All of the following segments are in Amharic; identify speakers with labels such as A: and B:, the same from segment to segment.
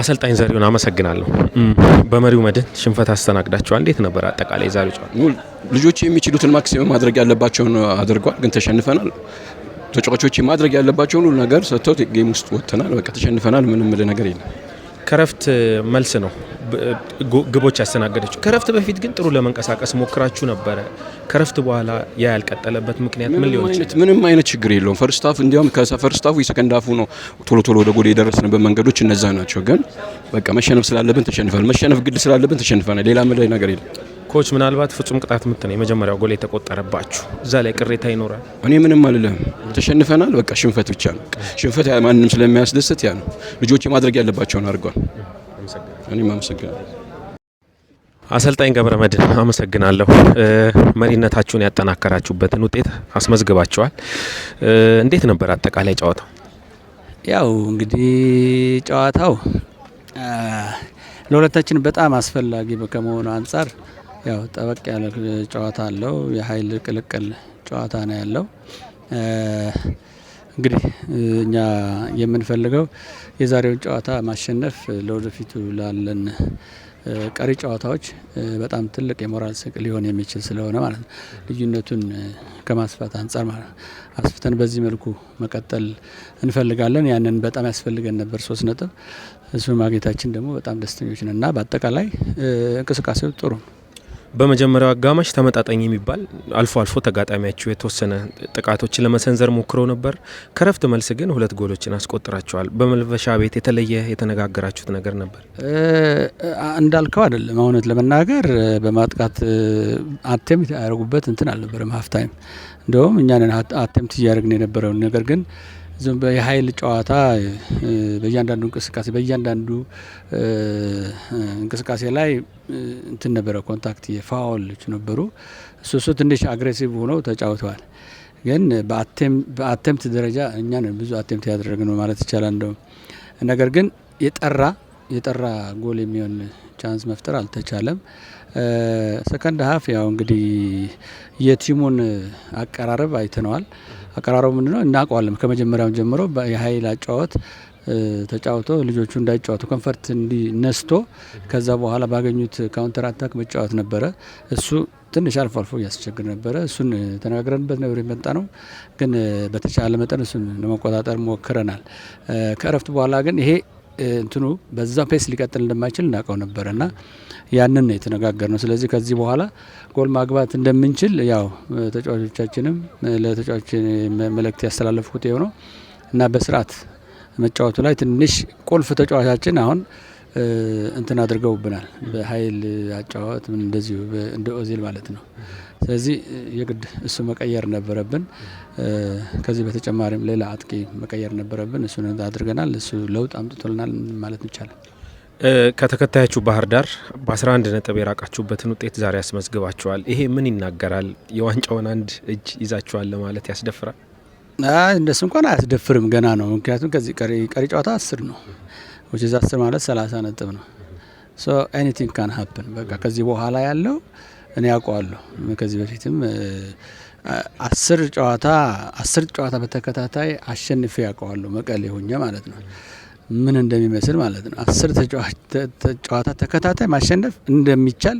A: አሰልጣኝ ዘሪሁን አመሰግናለሁ። በመሪው መድን ሽንፈት አስተናግዳቸዋል። እንዴት ነበር አጠቃላይ ዛሬ ጨዋታ?
B: ልጆች የሚችሉትን ማክሲመም ማድረግ ያለባቸውን አድርጓል፣ ግን ተሸንፈናል። ተጫዋቾች ማድረግ ያለባቸውን ሁሉ ነገር ሰጥተው ጌም ውስጥ ወጥተናል። በቃ ተሸንፈናል። ምንም ነገር የለም።
A: ከረፍት መልስ ነው ግቦች ያስተናገደችው። ከረፍት በፊት ግን ጥሩ ለመንቀሳቀስ ሞክራችሁ ነበረ። ከረፍት በኋላ ያ ያልቀጠለበት ምክንያት ምን ሊሆን
B: ይችላል? ምንም አይነት ችግር የለውም። ፈርስት ሀፍ እንዲያውም ከፈርስት ሀፉ የሰከንድ ሀፉ ነው ቶሎ ቶሎ ወደ ጎል የደረስንበት መንገዶች እነዛ ናቸው። ግን በቃ መሸነፍ ስላለብን ተሸንፈናል። መሸነፍ ግድ ስላለብን ተሸንፈናል። ሌላ ምላይ ነገር የለም።
A: ኮች ምናልባት ፍጹም ቅጣት ምት ነው የመጀመሪያው ጎል የተቆጠረባችሁ፣ እዛ ላይ ቅሬታ ይኖራል?
B: እኔ ምንም አልልም። ተሸንፈናል። በቃ ሽንፈት ብቻ ነው። ሽንፈት ማንም ስለሚያስደስት ያ ነው። ልጆች ማድረግ ያለባቸውን አድርጓል። እኔም አመሰግናለሁ።
A: አሰልጣኝ ገብረ መድን አመሰግናለሁ። መሪነታችሁን ያጠናከራችሁበትን ውጤት አስመዝግባችኋል። እንዴት ነበር አጠቃላይ ጨዋታው?
C: ያው እንግዲህ ጨዋታው ለሁለታችን በጣም አስፈላጊ ከመሆኑ አንጻር ያው ጠበቅ ያለ ጨዋታ አለው። የኃይል ቅልቅል ጨዋታ ነው ያለው። እንግዲህ እኛ የምንፈልገው የዛሬውን ጨዋታ ማሸነፍ ለወደፊቱ ላለን ቀሪ ጨዋታዎች በጣም ትልቅ የሞራል ስቅ ሊሆን የሚችል ስለሆነ ማለት ነው። ልዩነቱን ከማስፋት አንጻር ማለት ነው። አስፍተን በዚህ መልኩ መቀጠል እንፈልጋለን። ያንን በጣም ያስፈልገን ነበር ሶስት ነጥብ። እሱን ማግኘታችን ደግሞ በጣም ደስተኞች ነን እና በአጠቃላይ እንቅስቃሴው ጥሩ ነው።
A: በመጀመሪያው አጋማሽ ተመጣጣኝ የሚባል አልፎ አልፎ ተጋጣሚያቸው የተወሰነ ጥቃቶችን ለመሰንዘር ሞክረው ነበር። ከረፍት መልስ ግን ሁለት ጎሎችን አስቆጥራቸዋል። በመልበሻ ቤት የተለየ የተነጋገራችሁት ነገር ነበር?
C: እንዳልከው አይደለም። እውነት ለመናገር በማጥቃት አቴምት ያደረጉበት እንትን አልነበረም። ሀፍታይም እንደውም እኛንን አቴምት እያደረግን የነበረውን ነገር ግን ዝም የሀይል ጨዋታ በእያንዳንዱ እንቅስቃሴ በእያንዳንዱ እንቅስቃሴ ላይ እንትን ነበረ ኮንታክት የፋውሎች ነበሩ። እሱ እሱ ትንሽ አግሬሲቭ ሆነው ተጫውተዋል። ግን በአቴምት ደረጃ እኛ ብዙ አቴምት ያደረግ ነው ማለት ይቻላል። እንደውም ነገር ግን የጠራ የጠራ ጎል የሚሆን ቻንስ መፍጠር አልተቻለም። ሰከንድ ሀፍ ያው እንግዲህ የቲሙን አቀራረብ አይተነዋል። አቀራረቡ ምንድነው እናውቀዋለን። ከመጀመሪያው ጀምሮ የሀይል አጫወት ተጫውቶ ልጆቹ እንዳይጫወቱ ኮንፈርት እንዲነስቶ ከዛ በኋላ ባገኙት ካውንተር አታክ መጫወት ነበረ። እሱ ትንሽ አልፎ አልፎ እያስቸግር ነበረ። እሱን ተነጋግረንበት ነበር የመጣ ነው። ግን በተቻለ መጠን እሱን ለመቆጣጠር ሞክረናል። ከእረፍት በኋላ ግን ይሄ እንትኑ በዛ ፔስ ሊቀጥል እንደማይችል እናውቀው ነበር እና ያንን ነው የተነጋገር ነው። ስለዚህ ከዚህ በኋላ ጎል ማግባት እንደምንችል ያው ተጫዋቾቻችንም ለተጫዋች መልእክት ያስተላለፍኩት የሆነው እና በስርዓት መጫወቱ ላይ ትንሽ ቁልፍ ተጫዋቻችን አሁን እንትን አድርገውብናል። በሀይል አጫዋወት ምን እንደዚሁ እንደ ኦዜል ማለት ነው። ስለዚህ የግድ እሱ መቀየር ነበረብን። ከዚህ በተጨማሪም ሌላ አጥቂ መቀየር ነበረብን። እሱን አድርገናል። እሱ ለውጥ አምጥቶልናል ማለት ይቻላል።
A: ከተከታያችሁ ባህር ዳር በ11 ነጥብ የራቃችሁበትን ውጤት ዛሬ ያስመዝግባችኋል። ይሄ ምን ይናገራል? የዋንጫውን አንድ እጅ ይዛችኋል ለማለት ያስደፍራል?
C: እንደሱ እንኳን አያስደፍርም፣ ገና ነው። ምክንያቱም ከዚህ ቀሪ ጨዋታ አስር ነው ዊች ኢዝ አስር ማለት ሰላሳ ነጥብ ነው። ሶ ኤኒቲንግ ካን ሀፕን በቃ ከዚህ በኋላ ያለው እኔ ያውቀዋለሁ። ከዚህ በፊትም አስር ጨዋታ አስር ጨዋታ በተከታታይ አሸንፌ ያውቀዋለሁ መቀሌ ሆኜ ማለት ነው ምን እንደሚመስል ማለት ነው። አስር ጨዋታ ተከታታይ ማሸነፍ እንደሚቻል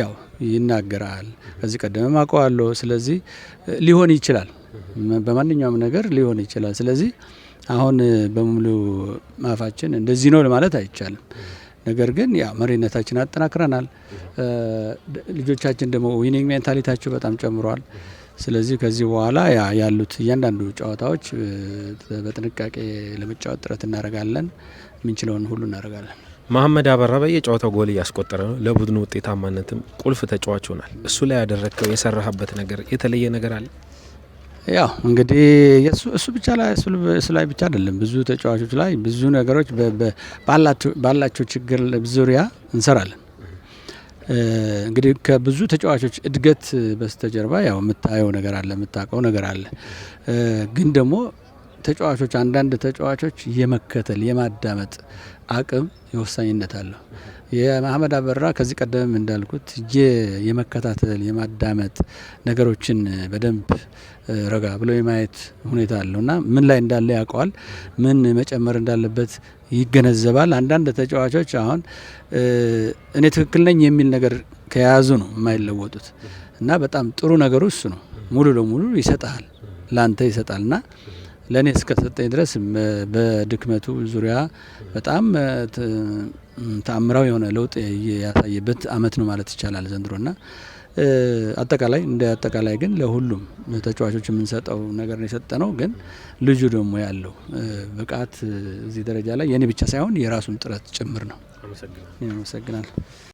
C: ያው ይናገራል። ከዚህ ቀደምም አውቀዋለሁ። ስለዚህ ሊሆን ይችላል፣ በማንኛውም ነገር ሊሆን ይችላል። ስለዚህ አሁን በሙሉ ማፋችን እንደዚህ ነው ለማለት አይቻልም። ነገር ግን ያ መሪነታችን አጠናክረናል። ልጆቻችን ደግሞ ዊኒንግ ሜንታሊታቸው በጣም ጨምሯል። ስለዚህ ከዚህ በኋላ ያሉት እያንዳንዱ ጨዋታዎች በጥንቃቄ ለመጫወት ጥረት እናደርጋለን። የምንችለውን ሁሉ እናደርጋለን።
A: መሀመድ አበራ በየጨዋታው ጎል እያስቆጠረ ነው። ለቡድኑ ውጤታማነትም ቁልፍ ተጫዋች ሆናል። እሱ ላይ ያደረግከው የሰራህበት ነገር የተለየ ነገር አለ?
C: ያው እንግዲህ እሱ ብቻ ላይ እሱ ላይ ብቻ አይደለም ብዙ ተጫዋቾች ላይ ብዙ ነገሮች ባላቸው ችግር ዙሪያ እንሰራለን። እንግዲህ ከብዙ ተጫዋቾች እድገት በስተጀርባ ያው የምታየው ነገር አለ፣ የምታውቀው ነገር አለ ግን ደግሞ ተጫዋቾች አንዳንድ ተጫዋቾች የመከተል የማዳመጥ አቅም የወሳኝነት አለው። የመሀመድ አበራ ከዚህ ቀደም እንዳልኩት የመከታተል የማዳመጥ ነገሮችን በደንብ ረጋ ብሎ የማየት ሁኔታ አለው እና ምን ላይ እንዳለ ያውቀዋል፣ ምን መጨመር እንዳለበት ይገነዘባል። አንዳንድ ተጫዋቾች አሁን እኔ ትክክል ነኝ የሚል ነገር ከያዙ ነው የማይለወጡት እና በጣም ጥሩ ነገሩ እሱ ነው። ሙሉ ለሙሉ ይሰጣል፣ ለአንተ ይሰጣል እና ለእኔ እስከተሰጠኝ ድረስ በድክመቱ ዙሪያ በጣም ተአምራዊ የሆነ ለውጥ ያሳየበት አመት ነው ማለት ይቻላል ና አጠቃላይ እንደ አጠቃላይ ግን ለሁሉም ተጫዋቾች የምንሰጠው ነገር ነው የሰጠ ነው። ግን ልጁ ደግሞ ያለው ብቃት እዚህ ደረጃ ላይ የእኔ ብቻ ሳይሆን የራሱን ጥረት ጭምር ነው።
A: አመሰግናል።